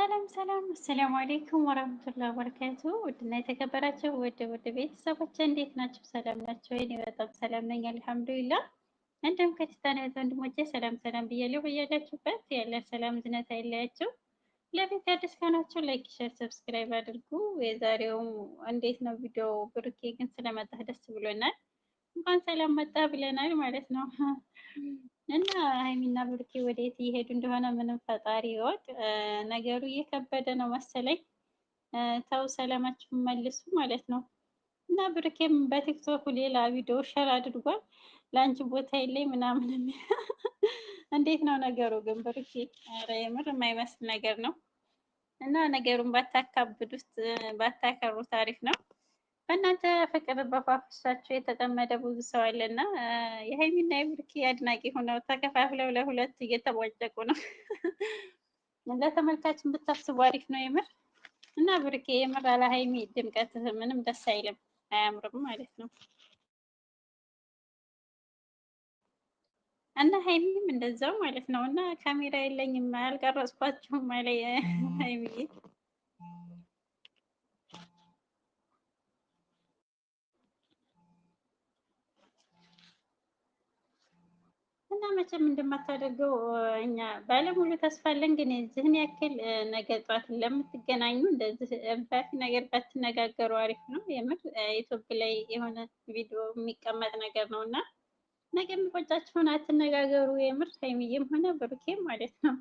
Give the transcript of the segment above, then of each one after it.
ሰላም ሰላም፣ አሰላሙ አሌይኩም ወራህመቱላሂ ወበረካቱ። ውድና የተከበራቸው ውድ ውድ ቤተሰቦች እንዴት ናቸው? ሰላም ናቸው? እኔ በጣም ሰላም ነኝ አልሐምዱሊላህ። እንዲሁም ከቲስታን ወንድሞቼ ሰላም ሰላም ብያለሁ። በያላችሁበት ያለ ሰላም ዝነት አይለያችሁ። ለቤት አዲስ ከሆናችሁ ላይክ፣ ሸር፣ ሰብስክራይብ አድርጉ። የዛሬው እንዴት ነው ቪዲዮ ብሩኬ ግን ስለመጣህ ደስ ብሎናል። እንኳን ሰላም መጣ ብለናል ማለት ነው እና ሀይሚና ብሩኬ ወዴት እየሄዱ እንደሆነ ምንም ፈጣሪ ይወቅ። ነገሩ እየከበደ ነው መሰለኝ። ተው ሰላማችሁን መልሱ ማለት ነው። እና ብሩኬም በቲክቶክ ሌላ ቪዲዮ ሸር አድርጓል። ለአንቺ ቦታ የለኝ ምናምን። እንዴት ነው ነገሩ ግን ብሩኬ? ኧረ የምር የማይመስል ነገር ነው። እና ነገሩን ባታካብዱት ባታከሩት አሪፍ ነው። በእናንተ ፍቅር በፋፍሳቸው የተጠመደ ብዙ ሰው አለና የሀይሚና የብሩኬ አድናቂ ሆነው ተከፋፍለው ለሁለት እየተቧጨቁ ነው። ለተመልካችን ብታስቡ አሪፍ ነው የምር እና ብርኪ የምር አለ ሀይሚ ድምቀት ምንም ደስ አይልም፣ አያምርም ማለት ነው። እና ሀይሚም እንደዛው ማለት ነው። እና ካሜራ የለኝም አልቀረጽኳችሁም አለ ሀይሚዬ እና መቼም እንደማታደርገው እኛ ባለሙሉ ተስፋ አለን። ግን ዝህን ያክል ነገ ጧት ለምትገናኙ እንደዚህ እንፋፊ ነገር ባትነጋገሩ አሪፍ ነው። የምር ዩቱብ ላይ የሆነ ቪዲዮ የሚቀመጥ ነገር ነው እና ነገ የሚቆጫችሁን አትነጋገሩ። የምር ሀይሚዬም ሆነ ብሩኬ ማለት ነው።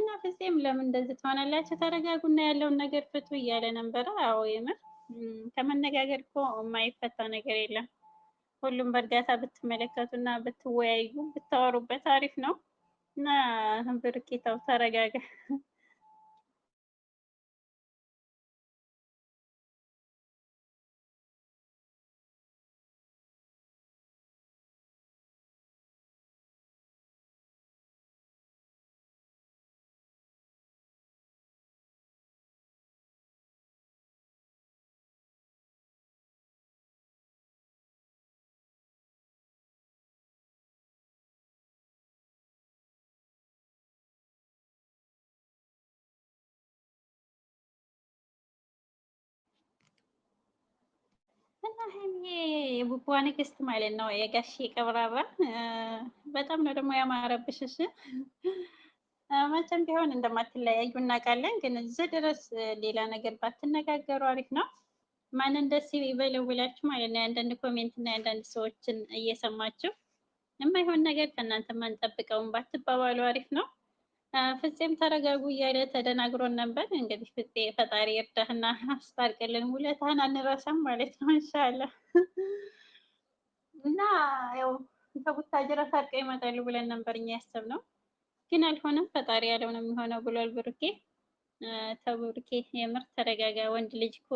እና ፍፄም ለምን እንደዚህ ትሆናላችሁ? ተረጋጉና ያለውን ነገር ፍቱ እያለ ነበረ። አዎ የምር ከመነጋገር እኮ የማይፈታ ነገር የለም። ሁሉም በእርጋታ ብትመለከቱ እና ብትወያዩ ብታወሩበት አሪፍ ነው እና ብርኬታው ተረጋጋ። እና ሀይሚ የቡቡዋ ንግስት ማለት ነው። የጋሽ ቀብራራ በጣም ነው ደግሞ ያማረብሽ። እሺ መቼም ቢሆን እንደማትለያዩ እናውቃለን፣ ግን እዚህ ድረስ ሌላ ነገር ባትነጋገሩ አሪፍ ነው። ማንን ደስ ይበለው ብላችሁ ማለት ነው። የአንዳንድ ኮሜንት እና የአንዳንድ ሰዎችን እየሰማችሁ የማይሆን ነገር ከእናንተ ማንጠብቀውን ባትባባሉ አሪፍ ነው። ፍፄም ተረጋጉ እያለ ተደናግሮን ነበር። እንግዲህ ፍፄ ፈጣሪ እርዳህና አስታርቅልን፣ ውለታህን አንረሳም ማለት ነው እንሻላ እና ያው ከቡታጅራ ታርቀ ይመጣሉ ብለን ነበር እኛ ያሰብነው፣ ግን አልሆነም። ፈጣሪ ያለው ነው የሚሆነው ብሏል ብሩኬ። ተብሩኬ የምር ተረጋጋ። ወንድ ልጅ እኮ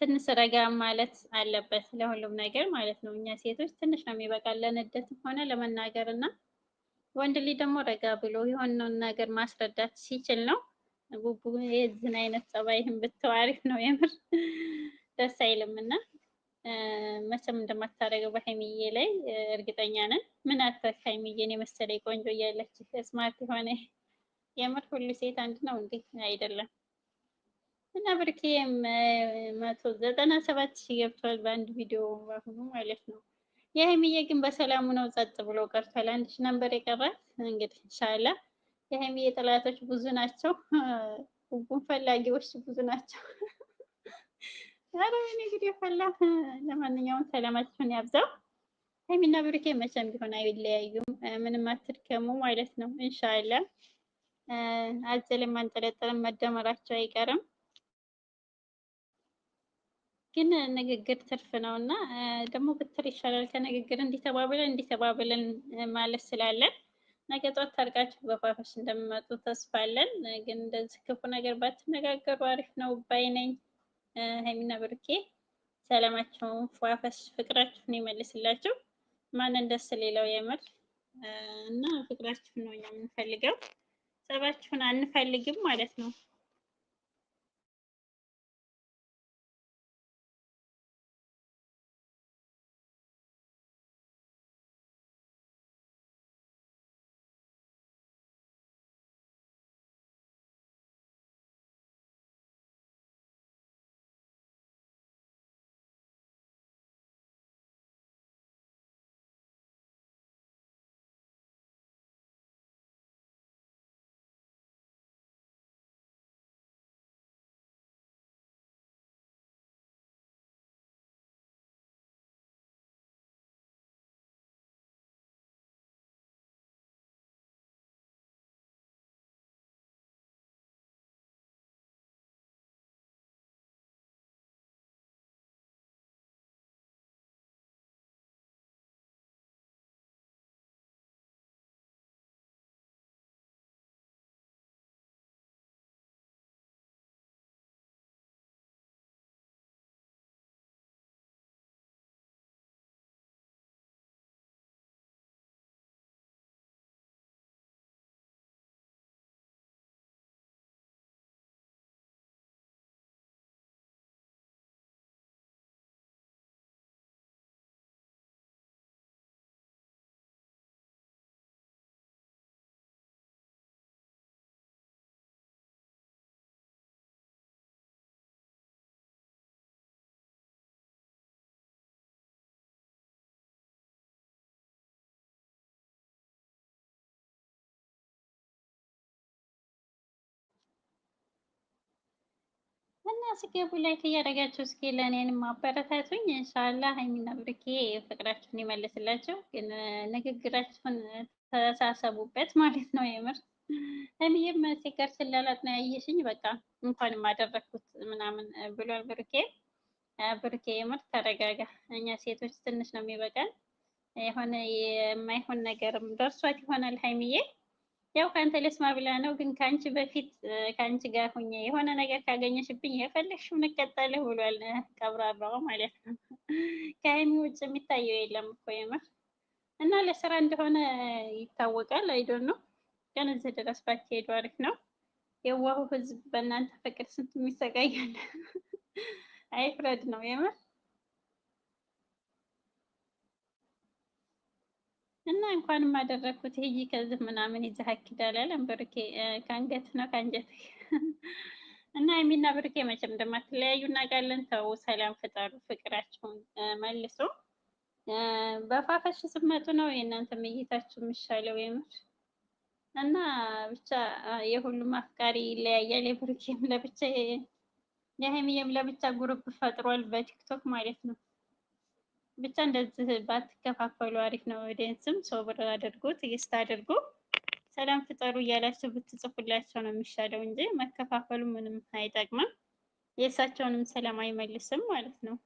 ትንሽ ረጋ ማለት አለበት ለሁሉም ነገር ማለት ነው። እኛ ሴቶች ትንሽ ነው የሚበቃ ለንደት ሆነ ለመናገር እና ወንድ ልጅ ደግሞ ረጋ ብሎ የሆነውን ነገር ማስረዳት ሲችል ነው። ቡቡ የዝን አይነት ጸባይህን ብትው አሪፍ ነው። የምር ደስ አይልም እና መቼም እንደማታደርገው በሀይሚዬ ላይ እርግጠኛ ነን። ምን አተክ ሀይሚዬን የመሰለ ቆንጆ እያለች ስማርት የሆነ የምር ሁሉ ሴት አንድ ነው እንዴ? አይደለም እና ብርኬም መቶ ዘጠና ሰባት ሺህ ገብቷል በአንድ ቪዲዮ በአሁኑ ማለት ነው። የሀይሚዬ ግን በሰላሙ ነው ጸጥ ብሎ ቀርቷል። አንድሽ ነበር የቀራት እንግዲህ እንሻላ። የሀይሚዬ ጠላቶች ብዙ ናቸው፣ ጉቡን ፈላጊዎች ብዙ ናቸው። ኧረ እኔ እንግዲህ የፈላ ለማንኛውም ሰላማችሁን ያብዛው። ሀይሚና ብሩኬ መቼም ቢሆን አይለያዩም። ምንም አትድከሙ ማለት ነው። እንሻላ አዘልም አንጠለጠልም መደመራቸው አይቀርም። ግን ንግግር ትርፍ ነው እና ደግሞ ብትር ይሻላል ከንግግር እንዲተባብለን እንዲተባብለን ማለት ስላለን ነገ ጧት ታርቃችሁ በፋፈሽ እንደምመጡ ተስፋ አለን። ግን እንደዚህ ክፉ ነገር ባትነጋገሩ አሪፍ ነው ባይ ነኝ። ሀይሚና ብሩኬ ሰላማቸውን፣ ፏፈሽ ፍቅራችሁን ይመልስላችሁ። ማንን ደስ ሌለው የምር እና ፍቅራችሁን ነው የምንፈልገው፣ ጸባችሁን አንፈልግም ማለት ነው። ስገቡ ላይክ እያደረጋችሁ እስኪ ለእኔንም ማበረታቱኝ። እንሻላ ሀይሚና ብርኬ ፍቅራችሁን ይመልስላቸው። ግን ንግግራችሁን ተሳሰቡበት ማለት ነው። የምር እኔም ሲጋር ስለላት ነው ያየሽኝ። በቃ እንኳን አደረግኩት ምናምን ብሏል ብርኬ። ብርኬ የምር ተረጋጋ። እኛ ሴቶች ትንሽ ነው የሚበቃን። የሆነ የማይሆን ነገርም ደርሷት ይሆናል ሀይሚዬ ያው ከአንተ ልስማ ብላ ነው። ግን ከአንቺ በፊት ከአንቺ ጋር ሁኜ የሆነ ነገር ካገኘሽብኝ የፈለግሽው እንቀጠልህ ብሏል። ቀብራራው ማለት ነው። ከሀይሚ ውጭ የሚታየው የለም እኮ የምር እና ለስራ እንደሆነ ይታወቃል። አይዶን ነው ግን እዚህ ድረስ ባትሄዱ አሪፍ ነው። የዋሁ ህዝብ በእናንተ ፍቅር ስንት የሚሰቃያል። አይፍረድ ነው የምር እና እንኳንም አደረግኩት ይሄ ከዚህ ምናምን ይዘህ አኪዳል ያለን ብርኬ ከአንገት ነው ከአንጀት እና የሚና ብሩኬ መቼም እንደማትለያዩ እናውቃለን። ተው ሰላም ፍጠሩ፣ ፍቅራቸውን መልሶ በፋፈሽ ስመጡ ነው የእናንተ እይታችሁ የሚሻለው የምር እና ብቻ የሁሉም አፍቃሪ ይለያያል። የብርኬም ለብቻ የሀይሚዬም ለብቻ ጉሩብ ፈጥሯል በቲክቶክ ማለት ነው። ብቻ እንደዚህ ባትከፋፈሉ አሪፍ ነው። ወደንስም ሶብር አድርጉት አድርጉ፣ ሰላም ፍጠሩ እያላችሁ ብትጽፉላቸው ነው የሚሻለው እንጂ መከፋፈሉ ምንም አይጠቅምም፣ የእሳቸውንም ሰላም አይመልስም ማለት ነው።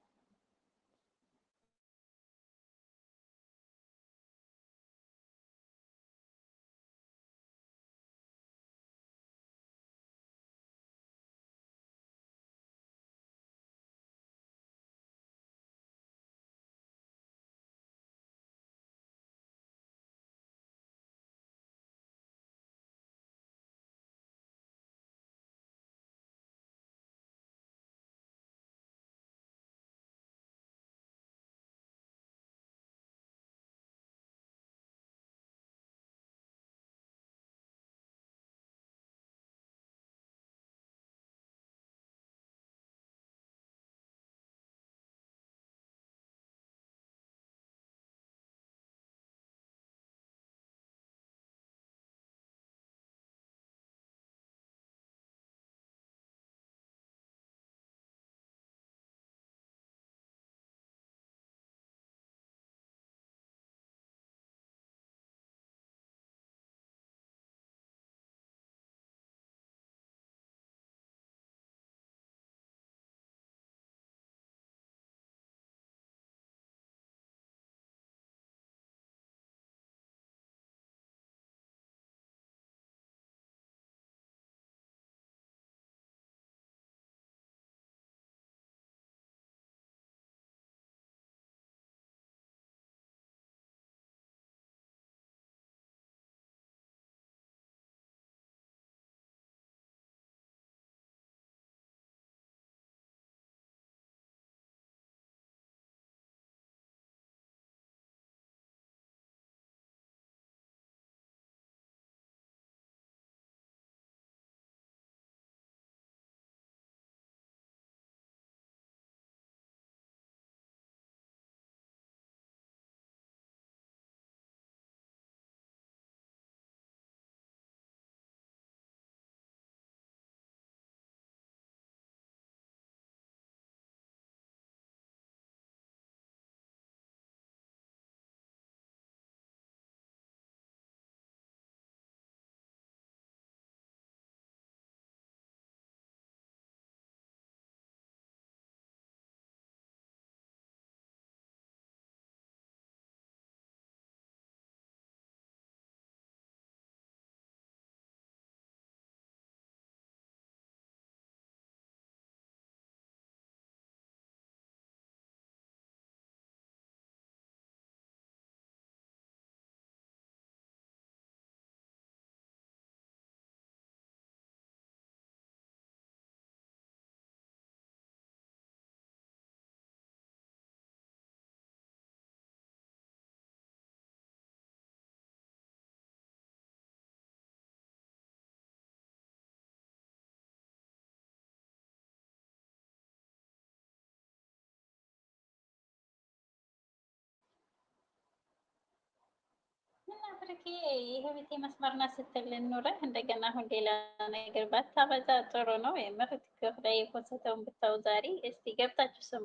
ብርጌ የህብቴ መስመርና ስትል ልኑረህ እንደገና አሁን ሌላ ነገር ባታበዛ ጥሩ ነው። የምር ቲክቶክ ላይ የኮሰተውን ብታው ዛሬ እስቲ ገብታችሁ ስሙ።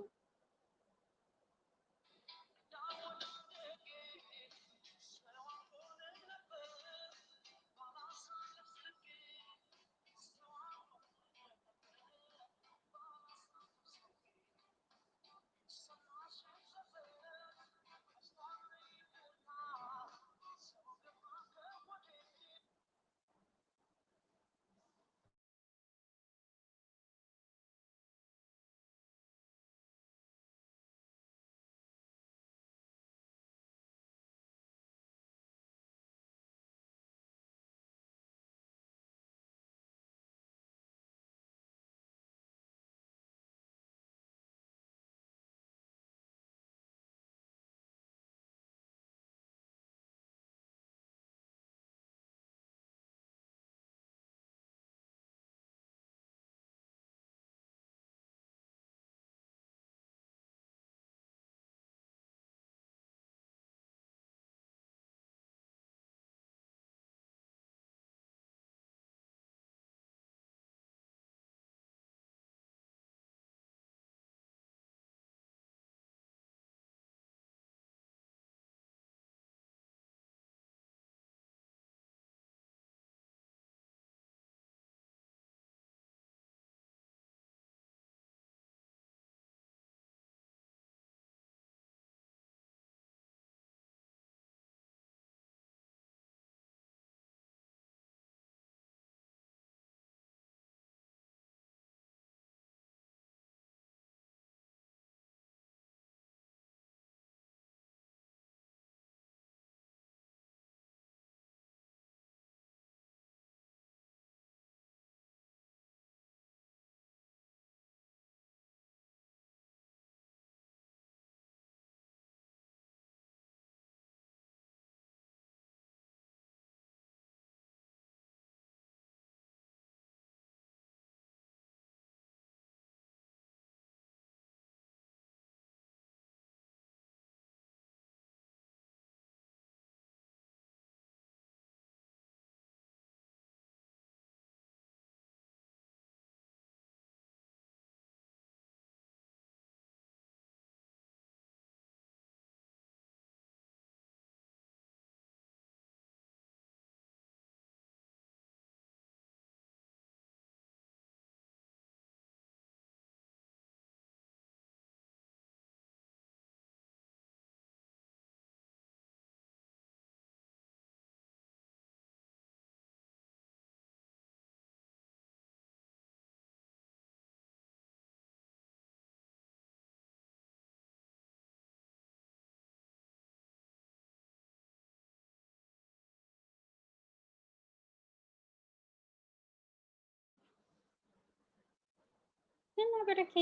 እና ብሩኬ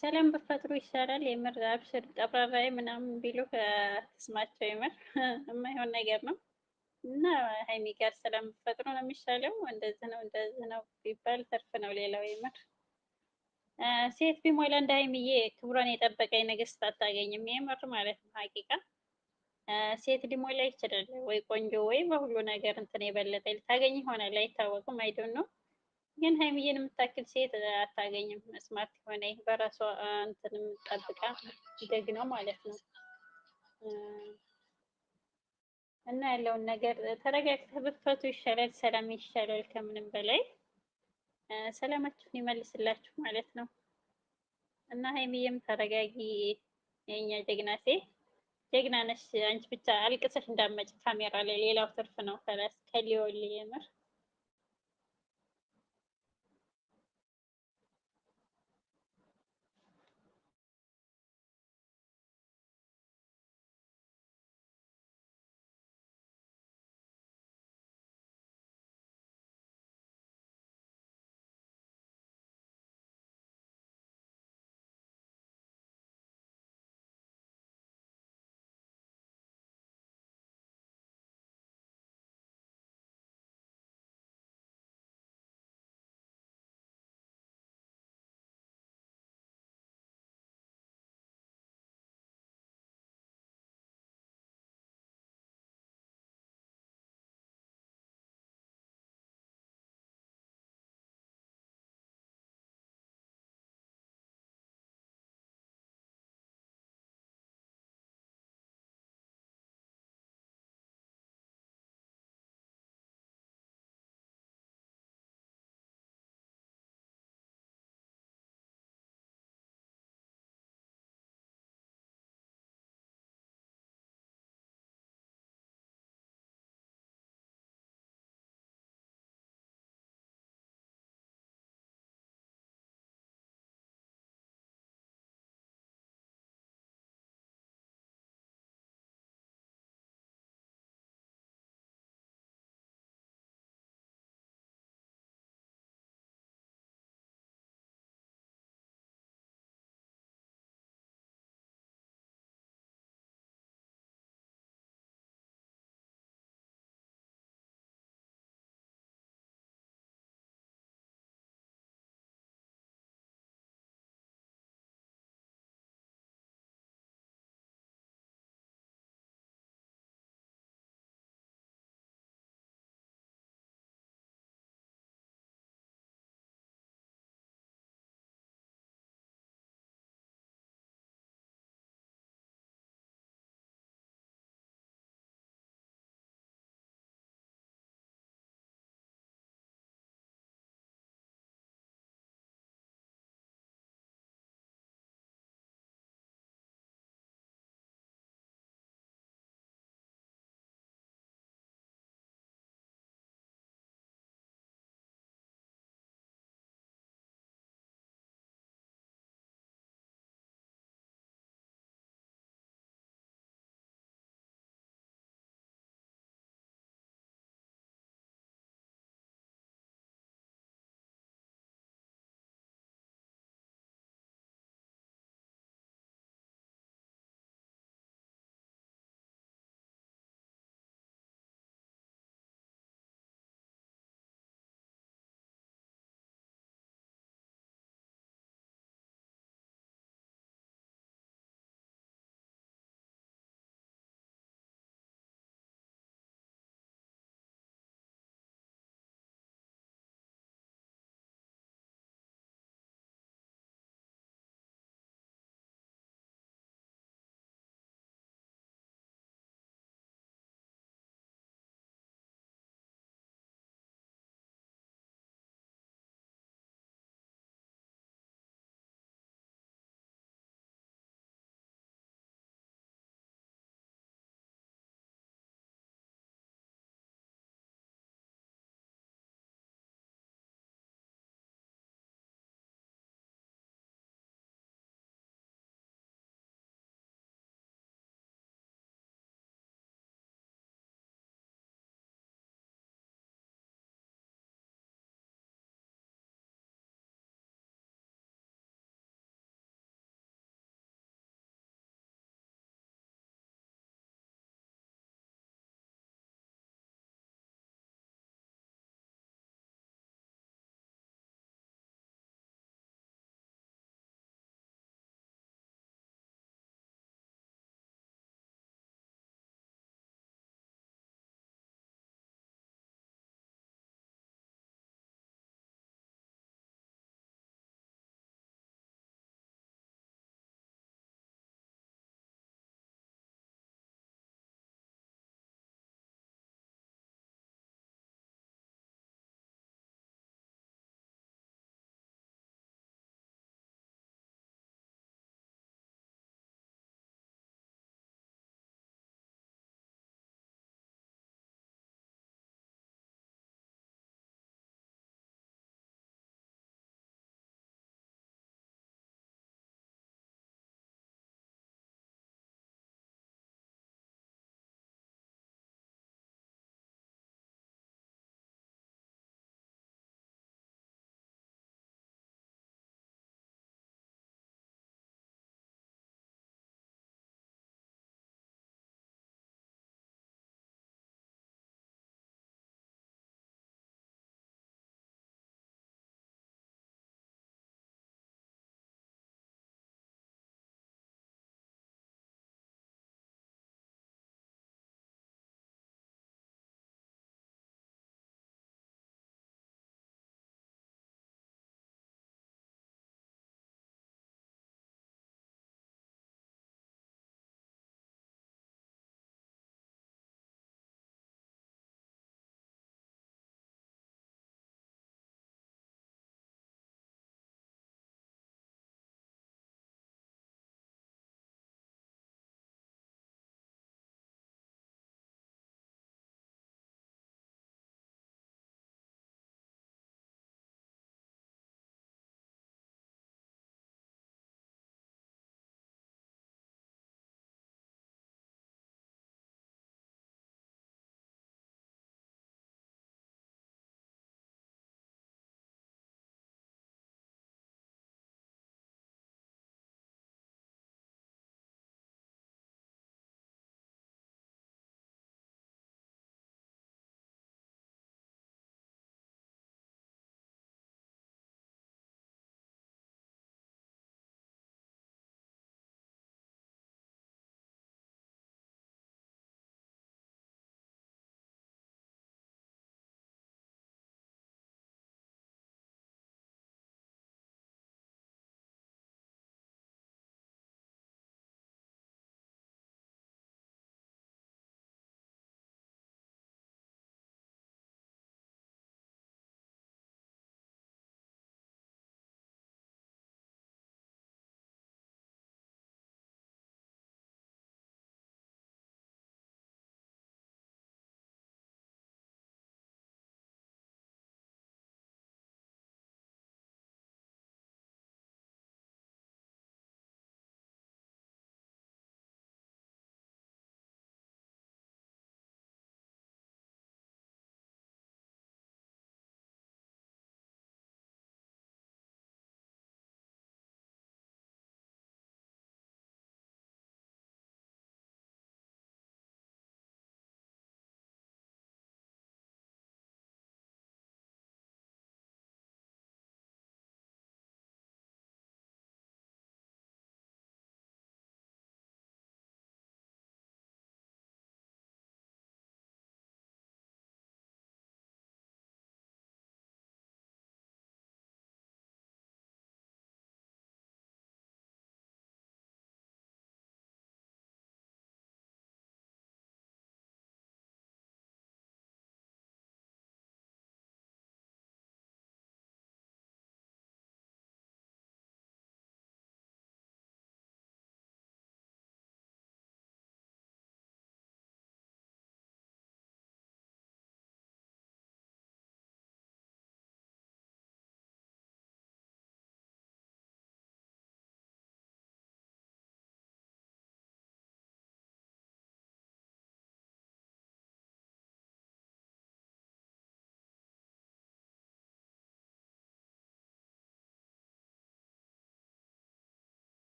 ሰላም በፈጥሩ ይሻላል። የምር አብሽር ጠብራራዬ ምናምን ቢሉ ከስማቸው የምር የማይሆን ነገር ነው እና ሀይሚ ጋር ሰላም በፈጥሩ ነው የሚሻለው። እንደዚህ ነው እንደዚህ ነው ቢባል ተርፍ ነው። ሌላው የምር ሴት ቢሞላ እንደ ሀይሚዬ ክብሯን የጠበቀኝ ንግስት አታገኝም። የምር ማለት ነው ሀቂቃ ሴት ሊሞላ ይችላል ወይ ቆንጆ ወይ በሁሉ ነገር እንትን የበለጠ ልታገኝ ይሆናል አይታወቅም። አይዶን ነው ግን ሀይሚዬን የምታክል ሴት አታገኝም። መስማት ሆነ በራሷ እንትን የምጠብቃ ደግ ነው ማለት ነው። እና ያለውን ነገር ተረጋግተህ ብትፈቱ ይሻላል። ሰላም ይሻላል ከምንም በላይ ሰላማችሁን ይመልስላችሁ ማለት ነው። እና ሀይሚዬም ተረጋጊ፣ የኛ ጀግና ሴት ጀግና ነሽ። አንቺ ብቻ አልቅሰሽ እንዳመጭ ካሜራ ላይ ሌላው ትርፍ ነው። ከሊዮል የምር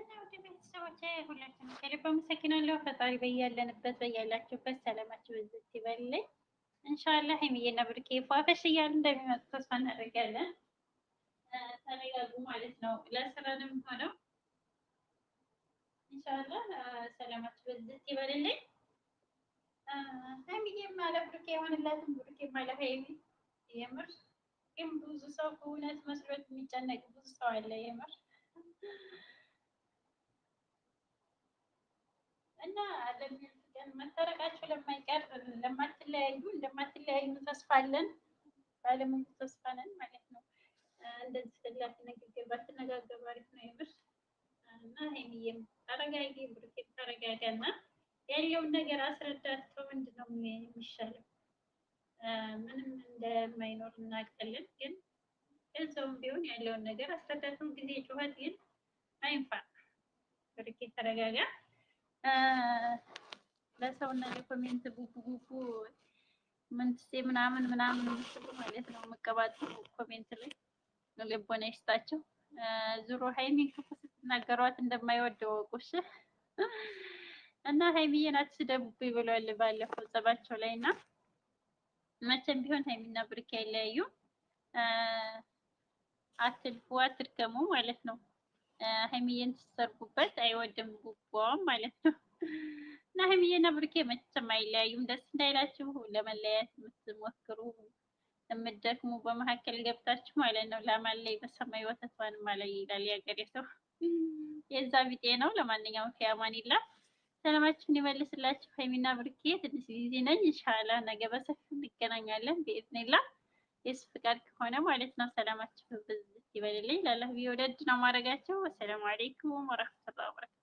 እና ወደ ቤተሰቦች ሁላችን ከልብ አመሰግናለሁ። ፈጣሪ በያለንበት በያላችሁበት ሰላማችሁ ብዝት ይበልልኝ። እንሻላ ሀይሚዬና ብሩኬ ፏፈሽ እያሉ እንደሚመጡ ተስፋ እናደርጋለን። ተረጋጉ ማለት ነው። ለስራ ነው እንሻላ ሰላማችሁ ብዝት ይበልልኝ። ሀይሚዬም አለ ብሩኬ የሆንላትም ብሩኬም አለ ሀይሚ የምር ግን ብዙ ሰው እውነት መስሎት የሚጨነቅ ብዙ ሰው አለ የምር እና ለሚያልፍ ቀን መታረቃቸው ለማይቀር ለማትለያዩ እንደማትለያዩ አለን። ባለሙሉ ተስፋ ነን ማለት ነው። እንደዚህ ስላፊ ንግግር ባትነጋገሩ አሪፍ ነው የምር እና ይህም ተረጋጊ፣ ብሩኬም ተረጋጋ እና ያለውን ነገር አስረዳቸው። ምንድን ነው የሚሻለው? ምንም እንደማይኖር እናውቃለን፣ ግን እዛውም ቢሆን ያለውን ነገር አስረዳቸው። ጊዜ ጩኸት ግን አይንፋ። ብሩኬ ተረጋጋ። ለሰው ነገር ቡቡ ቡቡ ምንትሴ ምናምን ምናምን የምትሉ ማለት ነው የምቀባጡ ኮሜንት ላይ ልቦና ይስጣቸው። ዙሮ ሀይሚን ክፉ ስትናገሯት እንደማይወደው ወቁሽ እና ሀይሚዬን ብሏል ባለፈው ጸባቸው ላይ እና መቼም ቢሆን ሀይሚና ብሩኬ አይለያዩም። አትልፉ፣ ማለት ነው። ሀይሚዬን ትሰርጉበት አይወድም ጉቦም ማለት ነው። እና ሀይሚዬና ብሩኬ መቼም አይለያዩም። ደስ እንዳይላችሁ ለመለያየት የምትሞክሩ የምትደክሙ በመካከል ገብታችሁ ማለት ነው። ላማን በሰማይ ወተቷን ማላይ ይላል ያገሬ ሰው። የዛ ቢጤ ነው። ለማንኛውም ፊያማን ይላ ሰላማችሁን ይመልስላችሁ። ሀይሚና ብሩኬ ትንሽ ጊዜ ነኝ። ኢንሻአላ ነገ በሰፊው እንገናኛለን። በኢዝኒላ የሱ ፍቃድ ከሆነ ማለት ነው። ሰላማችሁ ብዙ ይበልልኝ። ለአላህ ብዬ ነው ማድረጋቸው። አሰላሙ አለይኩም ወረህመቱላሂ ወበረካቱህ።